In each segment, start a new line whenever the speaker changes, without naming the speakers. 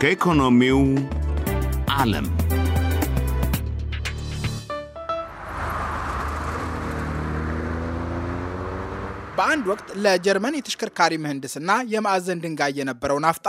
ከኢኮኖሚው ዓለም በአንድ ወቅት ለጀርመን የተሽከርካሪ ምህንድስና የማዕዘን ድንጋይ የነበረው ናፍጣ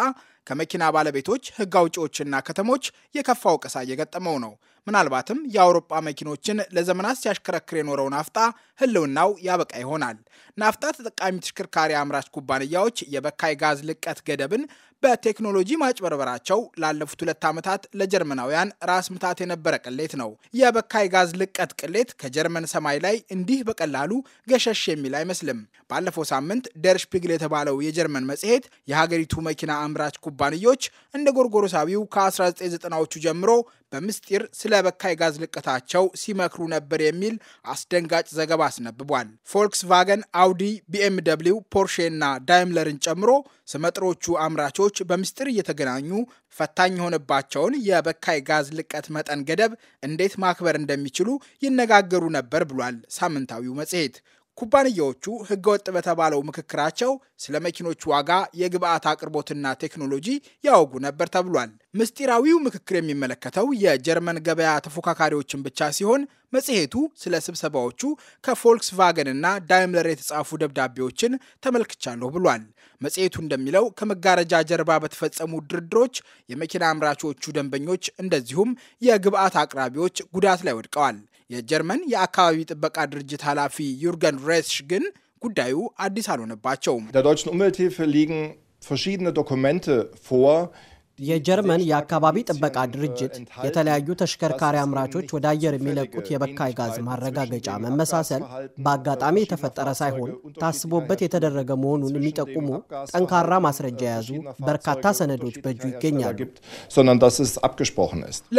ከመኪና ባለቤቶች ህግ አውጪዎችና ከተሞች የከፋ ወቀሳ እየገጠመው ነው። ምናልባትም የአውሮፓ መኪኖችን ለዘመናት ሲያሽከረክር የኖረው ናፍጣ ህልውናው ያበቃ ይሆናል። ናፍጣ ተጠቃሚ ተሽከርካሪ አምራች ኩባንያዎች የበካይ ጋዝ ልቀት ገደብን በቴክኖሎጂ ማጭበርበራቸው ላለፉት ሁለት ዓመታት ለጀርመናውያን ራስ ምታት የነበረ ቅሌት ነው። የበካይ ጋዝ ልቀት ቅሌት ከጀርመን ሰማይ ላይ እንዲህ በቀላሉ ገሸሽ የሚል አይመስልም። ባለፈው ሳምንት ደርሽፒግል የተባለው የጀርመን መጽሔት የሀገሪቱ መኪና አምራች ኩባንያዎች እንደ ጎርጎሮሳቢው ከ1990ዎቹ ጀምሮ በምስጢር ስለ በካይ ጋዝ ልቀታቸው ሲመክሩ ነበር የሚል አስደንጋጭ ዘገባ አስነብቧል። ፎልክስቫገን፣ አውዲ፣ ቢኤምደብሊው፣ ፖርሼ እና ዳይምለርን ጨምሮ ስመጥሮቹ አምራቾች በምስጢር እየተገናኙ ፈታኝ የሆነባቸውን የበካይ ጋዝ ልቀት መጠን ገደብ እንዴት ማክበር እንደሚችሉ ይነጋገሩ ነበር ብሏል ሳምንታዊው መጽሔት። ኩባንያዎቹ ህገወጥ በተባለው ምክክራቸው ስለ መኪኖች ዋጋ፣ የግብአት አቅርቦትና ቴክኖሎጂ ያወጉ ነበር ተብሏል። ምስጢራዊው ምክክር የሚመለከተው የጀርመን ገበያ ተፎካካሪዎችን ብቻ ሲሆን መጽሔቱ ስለ ስብሰባዎቹ ከፎልክስቫገን እና ዳይምለር የተጻፉ ደብዳቤዎችን ተመልክቻለሁ ብሏል። መጽሔቱ እንደሚለው ከመጋረጃ ጀርባ በተፈጸሙ ድርድሮች የመኪና አምራቾቹ ደንበኞች እንደዚሁም የግብአት አቅራቢዎች ጉዳት ላይ ወድቀዋል። የጀርመን የአካባቢ ጥበቃ ድርጅት ኃላፊ ዩርገን ሬስሽ ግን ጉዳዩ አዲስ አልሆነባቸውም። የጀርመን የአካባቢ ጥበቃ ድርጅት የተለያዩ ተሽከርካሪ አምራቾች ወደ አየር የሚለቁት የበካይ ጋዝ ማረጋገጫ መመሳሰል በአጋጣሚ የተፈጠረ ሳይሆን ታስቦበት የተደረገ መሆኑን የሚጠቁሙ ጠንካራ ማስረጃ የያዙ በርካታ ሰነዶች በእጁ ይገኛሉ።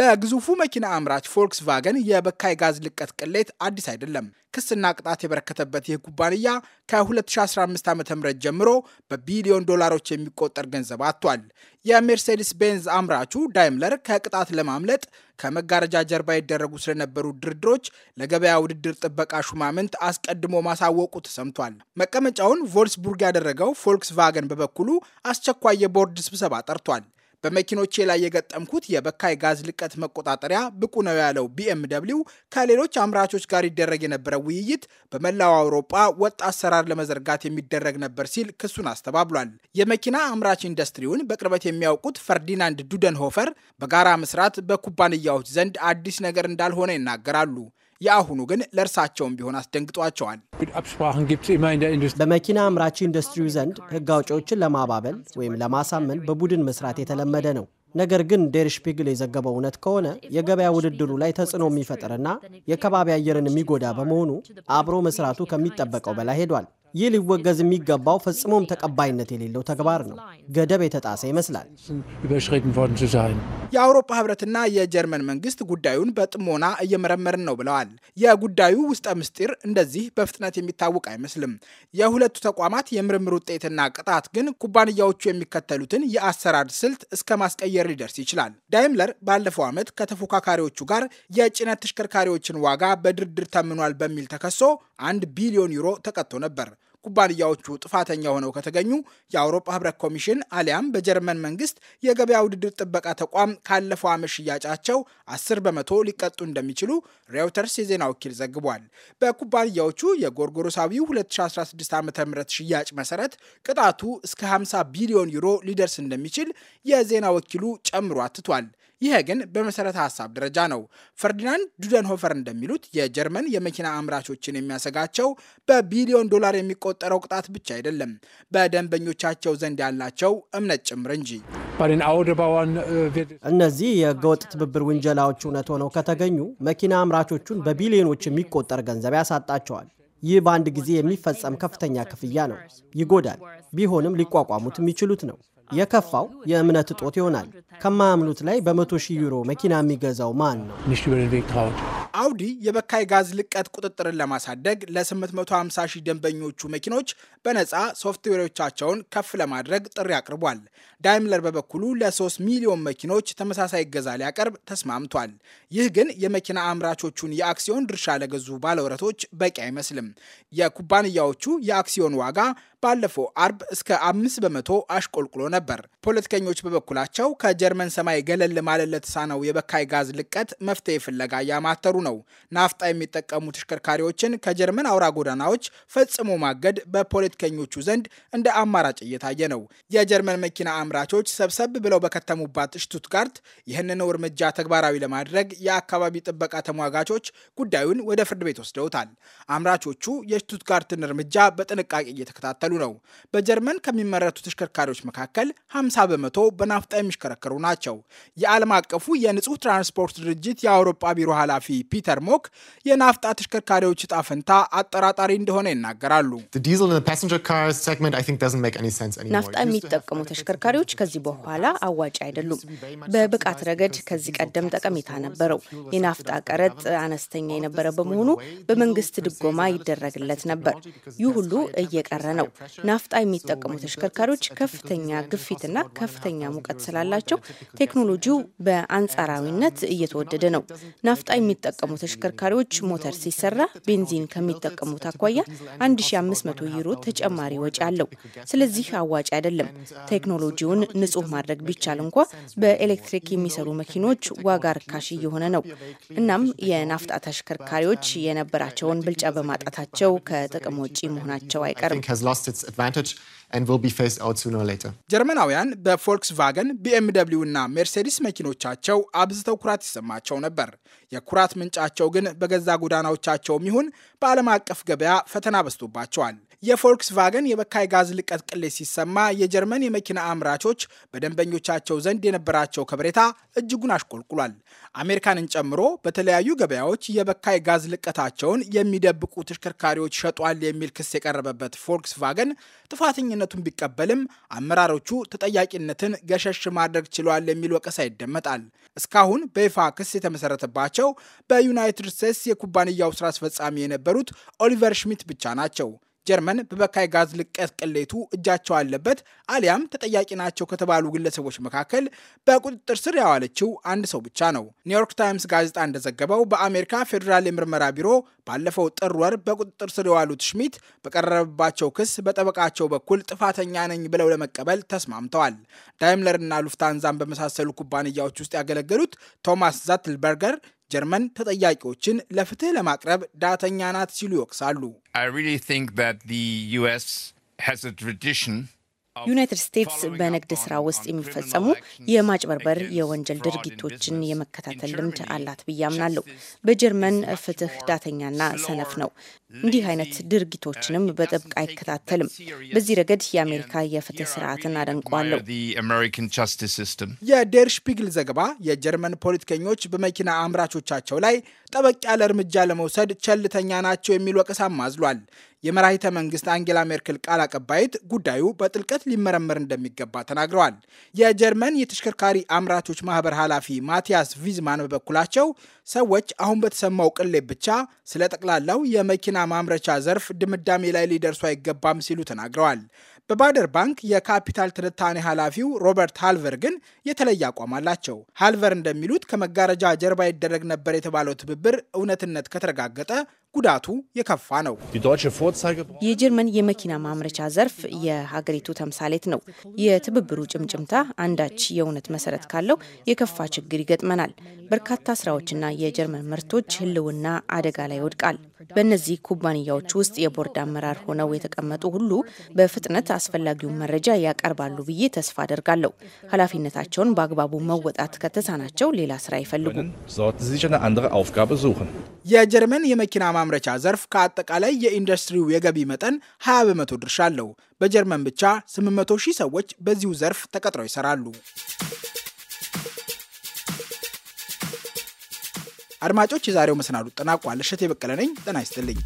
ለግዙፉ መኪና አምራች ፎልክስቫገን የበካይ ጋዝ ልቀት ቅሌት አዲስ አይደለም። ክስና ቅጣት የበረከተበት ይህ ኩባንያ ከ2015 ዓ ም ጀምሮ በቢሊዮን ዶላሮች የሚቆጠር ገንዘብ አጥቷል። የሜርሴዲስ ቤንዝ አምራቹ ዳይምለር ከቅጣት ለማምለጥ ከመጋረጃ ጀርባ ይደረጉ ስለነበሩ ድርድሮች ለገበያ ውድድር ጥበቃ ሹማምንት አስቀድሞ ማሳወቁ ተሰምቷል። መቀመጫውን ቮልስቡርግ ያደረገው ፎልክስቫገን በበኩሉ አስቸኳይ የቦርድ ስብሰባ ጠርቷል። በመኪኖቼ ላይ የገጠምኩት የበካይ ጋዝ ልቀት መቆጣጠሪያ ብቁ ነው ያለው ቢኤምደብሊው ከሌሎች አምራቾች ጋር ይደረግ የነበረው ውይይት በመላው አውሮፓ ወጥ አሰራር ለመዘርጋት የሚደረግ ነበር ሲል ክሱን አስተባብሏል። የመኪና አምራች ኢንዱስትሪውን በቅርበት የሚያውቁት ፈርዲናንድ ዱደንሆፈር በጋራ መስራት በኩባንያዎች ዘንድ አዲስ ነገር እንዳልሆነ ይናገራሉ። የአሁኑ ግን ለእርሳቸውም ቢሆን አስደንግጧቸዋል። በመኪና አምራች ኢንዱስትሪው ዘንድ ህግ አውጪዎችን ለማባበል ወይም ለማሳመን በቡድን መስራት የተለመደ ነው። ነገር ግን ዴርሽፒግል የዘገበው እውነት ከሆነ የገበያ ውድድሩ ላይ ተጽዕኖ የሚፈጥርና የከባቢ አየርን የሚጎዳ በመሆኑ አብሮ መስራቱ ከሚጠበቀው በላይ ሄዷል። ይህ ሊወገዝ የሚገባው ፈጽሞም ተቀባይነት የሌለው ተግባር ነው። ገደብ የተጣሰ ይመስላል። የአውሮፓ ህብረትና የጀርመን መንግስት ጉዳዩን በጥሞና እየመረመርን ነው ብለዋል። የጉዳዩ ውስጠ ምስጢር እንደዚህ በፍጥነት የሚታወቅ አይመስልም። የሁለቱ ተቋማት የምርምር ውጤትና ቅጣት ግን ኩባንያዎቹ የሚከተሉትን የአሰራር ስልት እስከ ማስቀየር ሊደርስ ይችላል። ዳይምለር ባለፈው ዓመት ከተፎካካሪዎቹ ጋር የጭነት ተሽከርካሪዎችን ዋጋ በድርድር ተምኗል በሚል ተከሶ አንድ ቢሊዮን ዩሮ ተቀጥቶ ነበር። ኩባንያዎቹ ጥፋተኛ ሆነው ከተገኙ የአውሮፓ ህብረት ኮሚሽን አሊያም በጀርመን መንግስት የገበያ ውድድር ጥበቃ ተቋም ካለፈው ዓመት ሽያጫቸው 10 በመቶ ሊቀጡ እንደሚችሉ ሬውተርስ የዜና ወኪል ዘግቧል። በኩባንያዎቹ የጎርጎሮሳዊው 2016 ዓ ም ሽያጭ መሰረት ቅጣቱ እስከ 50 ቢሊዮን ዩሮ ሊደርስ እንደሚችል የዜና ወኪሉ ጨምሮ አትቷል። ይሄ ግን በመሰረተ ሀሳብ ደረጃ ነው። ፈርዲናንድ ዱደንሆፈር እንደሚሉት የጀርመን የመኪና አምራቾችን የሚያሰጋቸው በቢሊዮን ዶላር የሚቆጠረው ቅጣት ብቻ አይደለም፣ በደንበኞቻቸው ዘንድ ያላቸው እምነት ጭምር እንጂ። እነዚህ የህገወጥ ትብብር ውንጀላዎች እውነት ሆነው ከተገኙ መኪና አምራቾቹን በቢሊዮኖች የሚቆጠር ገንዘብ ያሳጣቸዋል። ይህ በአንድ ጊዜ የሚፈጸም ከፍተኛ ክፍያ ነው፣ ይጎዳል። ቢሆንም ሊቋቋሙት የሚችሉት ነው። የከፋው የእምነት እጦት ይሆናል። ከማያምኑት ላይ በመቶ ሺህ ዩሮ መኪና የሚገዛው ማን ነው? አውዲ የበካይ ጋዝ ልቀት ቁጥጥርን ለማሳደግ ለ850 ሺህ ደንበኞቹ መኪኖች በነፃ ሶፍትዌሮቻቸውን ከፍ ለማድረግ ጥሪ አቅርቧል። ዳይምለር በበኩሉ ለ3 ሚሊዮን መኪኖች ተመሳሳይ እገዛ ሊያቀርብ ተስማምቷል። ይህ ግን የመኪና አምራቾቹን የአክሲዮን ድርሻ ለገዙ ባለውረቶች በቂ አይመስልም። የኩባንያዎቹ የአክሲዮን ዋጋ ባለፈው አርብ እስከ አምስት በመቶ አሽቆልቁሎ ነበር። ፖለቲከኞች በበኩላቸው ከጀርመን ሰማይ ገለል ማለት ለተሳነው የበካይ ጋዝ ልቀት መፍትሄ ፍለጋ እያማተሩ ነው። ናፍጣ የሚጠቀሙ ተሽከርካሪዎችን ከጀርመን አውራ ጎዳናዎች ፈጽሞ ማገድ በፖለቲከኞቹ ዘንድ እንደ አማራጭ እየታየ ነው። የጀርመን መኪና አምራቾች ሰብሰብ ብለው በከተሙባት ሽቱትጋርት ይህንን እርምጃ ተግባራዊ ለማድረግ የአካባቢ ጥበቃ ተሟጋቾች ጉዳዩን ወደ ፍርድ ቤት ወስደውታል። አምራቾቹ የሽቱትጋርትን እርምጃ በጥንቃቄ እየተከታተሉ እየቀጠሉ ነው። በጀርመን ከሚመረቱ ተሽከርካሪዎች መካከል 50 በመቶ በናፍጣ የሚሽከረከሩ ናቸው። የዓለም አቀፉ የንጹህ ትራንስፖርት ድርጅት የአውሮፓ ቢሮ ኃላፊ ፒተር ሞክ የናፍጣ ተሽከርካሪዎች እጣ ፈንታ አጠራጣሪ እንደሆነ ይናገራሉ።
ናፍጣ የሚጠቀሙ ተሽከርካሪዎች ከዚህ በኋላ አዋጭ አይደሉም። በብቃት ረገድ ከዚህ ቀደም ጠቀሜታ ነበረው። የናፍጣ ቀረጥ አነስተኛ የነበረ በመሆኑ በመንግስት ድጎማ ይደረግለት ነበር። ይህ ሁሉ እየቀረ ነው። ናፍጣ የሚጠቀሙ ተሽከርካሪዎች ከፍተኛ ግፊትና ከፍተኛ ሙቀት ስላላቸው ቴክኖሎጂው በአንጻራዊነት እየተወደደ ነው። ናፍጣ የሚጠቀሙ ተሽከርካሪዎች ሞተር ሲሰራ ቤንዚን ከሚጠቀሙት አኳያ 1500 ዩሮ ተጨማሪ ወጪ አለው። ስለዚህ አዋጭ አይደለም። ቴክኖሎጂውን ንጹህ ማድረግ ቢቻል እንኳ በኤሌክትሪክ የሚሰሩ መኪኖች ዋጋ ርካሽ እየሆነ ነው። እናም የናፍጣ ተሽከርካሪዎች የነበራቸውን ብልጫ በማጣታቸው ከጥቅም ውጪ መሆናቸው አይቀርም። its advantage and will be phased out sooner or later.
ጀርመናውያን በፎልክስቫገን ቢኤምደብሊው እና ሜርሴዲስ መኪኖቻቸው አብዝተው ኩራት ይሰማቸው ነበር። የኩራት ምንጫቸው ግን በገዛ ጎዳናዎቻቸውም ይሁን በዓለም አቀፍ ገበያ ፈተና በስቶባቸዋል። የፎልክስቫገን የበካይ ጋዝ ልቀት ቅሌት ሲሰማ የጀርመን የመኪና አምራቾች በደንበኞቻቸው ዘንድ የነበራቸው ከብሬታ እጅጉን አሽቆልቁሏል። አሜሪካንን ጨምሮ በተለያዩ ገበያዎች የበካይ ጋዝ ልቀታቸውን የሚደብቁ ተሽከርካሪዎች ሸጧል የሚል ክስ የቀረበበት ፎልክስቫገን ጥፋተኝነቱን ቢቀበልም አመራሮቹ ተጠያቂነትን ገሸሽ ማድረግ ችሏል የሚል ወቀሳ ይደመጣል። እስካሁን በይፋ ክስ የተመሰረተባቸው በዩናይትድ ስቴትስ የኩባንያው ስራ አስፈጻሚ የነበሩት ኦሊቨር ሽሚት ብቻ ናቸው። ጀርመን በበካይ ጋዝ ልቀት ቅሌቱ እጃቸው አለበት አሊያም ተጠያቂ ናቸው ከተባሉ ግለሰቦች መካከል በቁጥጥር ስር ያዋለችው አንድ ሰው ብቻ ነው። ኒውዮርክ ታይምስ ጋዜጣ እንደዘገበው በአሜሪካ ፌዴራል የምርመራ ቢሮ ባለፈው ጥር ወር በቁጥጥር ስር የዋሉት ሽሚት በቀረበባቸው ክስ በጠበቃቸው በኩል ጥፋተኛ ነኝ ብለው ለመቀበል ተስማምተዋል። ዳይምለርና ሉፍታንዛን በመሳሰሉ ኩባንያዎች ውስጥ ያገለገሉት ቶማስ ዛትልበርገር ጀርመን ተጠያቂዎችን ለፍትህ ለማቅረብ ዳተኛ ናት ሲሉ ይወቅሳሉ። ዩናይትድ ስቴትስ
በንግድ ስራ ውስጥ የሚፈጸሙ የማጭበርበር የወንጀል ድርጊቶችን የመከታተል ልምድ አላት ብዬ አምናለሁ። በጀርመን ፍትህ ዳተኛና ሰነፍ ነው። እንዲህ አይነት ድርጊቶችንም በጥብቅ አይከታተልም። በዚህ ረገድ የአሜሪካ የፍትህ ስርዓትን አደንቋለሁ። የዴር ሽፒግል ዘገባ የጀርመን
ፖለቲከኞች በመኪና አምራቾቻቸው ላይ ጠበቅ ያለ እርምጃ ለመውሰድ ቸልተኛ ናቸው የሚል ወቀሳም አዝሏል። የመራሂተ መንግስት አንጌላ ሜርክል ቃል አቀባይት ጉዳዩ በጥልቀት ሊመረመር እንደሚገባ ተናግረዋል። የጀርመን የተሽከርካሪ አምራቾች ማህበር ኃላፊ ማቲያስ ቪዝማን በበኩላቸው ሰዎች አሁን በተሰማው ቅሌ ብቻ ስለ ጠቅላላው የመኪና ማምረቻ ዘርፍ ድምዳሜ ላይ ሊደርሱ አይገባም ሲሉ ተናግረዋል። በባደር ባንክ የካፒታል ትንታኔ ኃላፊው ሮበርት ሃልቨር ግን የተለየ አቋም አላቸው። ሃልቨር እንደሚሉት ከመጋረጃ ጀርባ ይደረግ ነበር የተባለው ትብብር እውነትነት ከተረጋገጠ ጉዳቱ
የከፋ ነው። የጀርመን የመኪና ማምረቻ ዘርፍ የሀገሪቱ ተምሳሌት ነው። የትብብሩ ጭምጭምታ አንዳች የእውነት መሰረት ካለው የከፋ ችግር ይገጥመናል። በርካታ ስራዎችና የጀርመን ምርቶች ህልውና አደጋ ላይ ይወድቃል። በእነዚህ ኩባንያዎች ውስጥ የቦርድ አመራር ሆነው የተቀመጡ ሁሉ በፍጥነት አስፈላጊውን መረጃ ያቀርባሉ ብዬ ተስፋ አደርጋለሁ። ኃላፊነታቸውን በአግባቡ መወጣት ከተሳናቸው ሌላ ስራ ይፈልጉ። የጀርመን የመኪና ማምረቻ ዘርፍ
ከአጠቃላይ የኢንዱስትሪው የገቢ መጠን 20 በመቶ ድርሻ አለው። በጀርመን ብቻ 800 ሺህ ሰዎች በዚሁ ዘርፍ ተቀጥረው ይሰራሉ። አድማጮች፣ የዛሬው መሰናዱ ጠናቋል። እሸት የበቀለነኝ ነኝ። ጤና ይስጥልኝ።